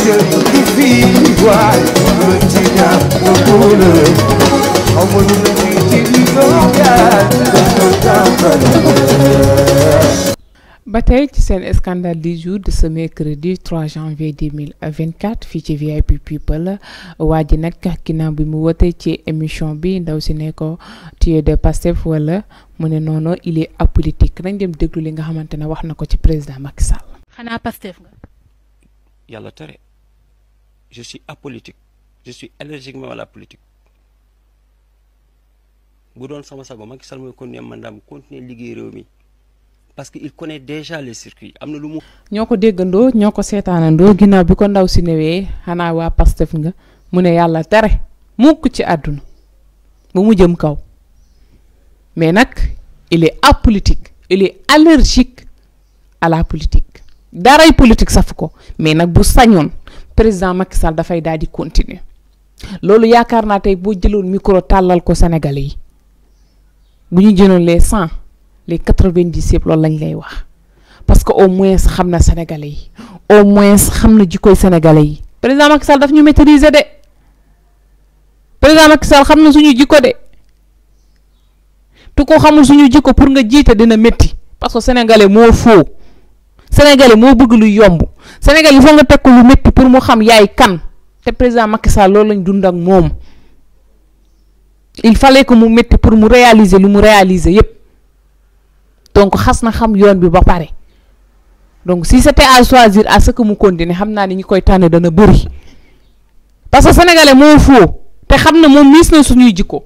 jël di ci ñaar mu tuula amul lu ci ci li dogal dafa seen scandale du jour de ce mercredi 3 janvier 2024 fii ci VIP People waa ji nag ginnaaw bi mu woote ci émission bi ndaw si ne ko tu wala mu ne noonu il est apolitique nañ dem déglu li nga xamante ne wax na ko ci président Macky Yalla tere je suis apolitique je suis énergiquement à la politique bu doon sama sago Macky Sall mooy continuer mandaam continuer liggéey rewmi parce qu'il connaît déjà les circuits am na lu mu. ñoo ko déggandoo ñoo ko bi ko ndaw si newé xana wa Pastef nga mune yalla téré tere mukk ci àdduna bu mu jëm kaw mais nak il est apolitique il est allergique à la politique. daray politique safu ko mais nag bu sañoon président Macky Sall dafay daal di continuer loolu yaakaar naa tey boo jëloon micro tàllal ko Sénégalais yi bu ñu jëloon les cent les quatre-vingt-dix yëpp loolu lañ lay wax parce que au moins xam na Sénégalais yi au moins xam na jikkoy Sénégalais yi président Macky Sall daf ñu maîtriser de président Macky xam na suñu jikko de te ko xamul suñu jikko pour nga jiite dina métti parce que sénégalais moo foo sénégalais mo bëgg lu yomb sénégalais il faut nga tek lu metti pour mu xam yaay kan té président Macky Sall loolu lañ dund ak moom il fallait que mu metti pour mu réaliser lu mu réaliser yépp donc xas na xam yoon bi ba pare donc si c'était à choisir à ce que mu continuer xam naa ni ñi koy tànn dana bëri parce que sénégalais moo foo te xam na moom miis na suñuy jikko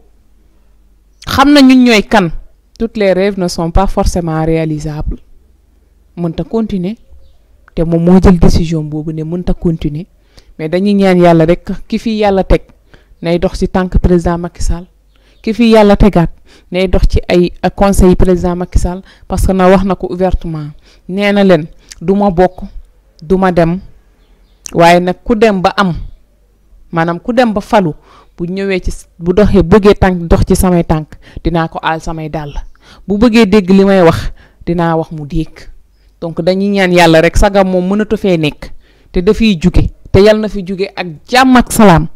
xam na ñun ñooy kan toutes les rêves ne sont pas forcément réalisables mënta continuer te moom moo jël décision boobu ne mënta continuer mais dañuy ñaan yàlla rek ki fi yàlla teg nay dox ci tànk président Macky ki fi yàlla tegaat nay dox ci ay conseil président Macky Sall parce que na wax na ko ouvertement nee na leen du ma bokk du ma dem waaye nag ku dem ba am maanaam ku dem ba falu bu ñëwee ci bu doxee bëggee tànk dox ci samay tànk dinaa ko aal samay dàll bu bëggee dégg li may wax dinaa wax mu dégg donc dañuy ñaan yàlla rek sagam moom mënatu fee nekk te dafiy juge te yàlla na fi juge ak jàmm ak salaam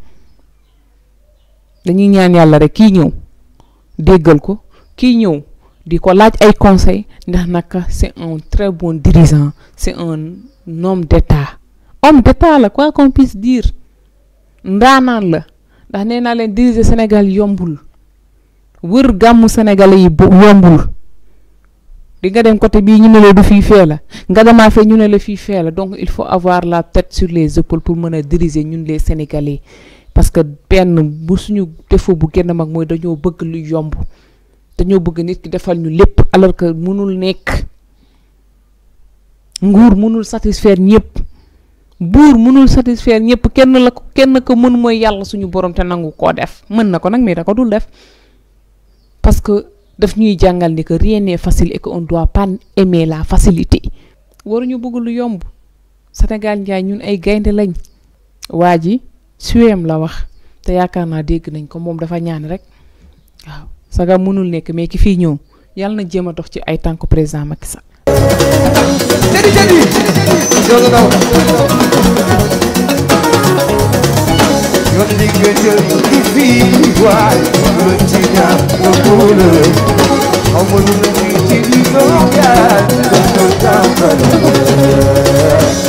dañuy ñaan yàlla rek kii ñëw déggal ko kii ñëw di ko laaj ay conseil ndax naka c'est un très bon dirigeant c'est un homme d'état homme d'état la quoi qu'on puisse dire ndaanaan la ndax nee naa leen diriger Sénégal yombul wër gàmmu sénégalais yi yombul di nga dem côté bi ñu ne la du fi fee la nga dama fee ñu ne la fi fee la donc il faut avoir la tête sur les épaules pour mëna diriger ñun les sénégalais parce que ben bu suñu défaut bu gën a mag mooy dañoo bëgg lu yomb dañoo bëgg nit ki defal ñu lépp alors que mënul nekk nguur mënul satisfaire ñëpp bour mënul satisfaire ñëpp kenn la ko kenn ko mën moy yalla suñu borom té nangu ko def mën na ko nag mais da ko dul def parce que daf ñuy jàngal ni que rien n'est facile et que on la facilité. waruñu bëgg lu yomb Sénégal njaay ñun ay gaynde lañ. waa ji suweem la wax te yaakaar naa dégg nañ ko moom dafa ñaan rek waaw saga mënul nekk mais ki fii ñëw yàlla na jéem a dox ci ay tànku président Macky Sall. Tandis que Dieu qui vit l'Ivoire Le tigre au boule En mon nom, tu dis que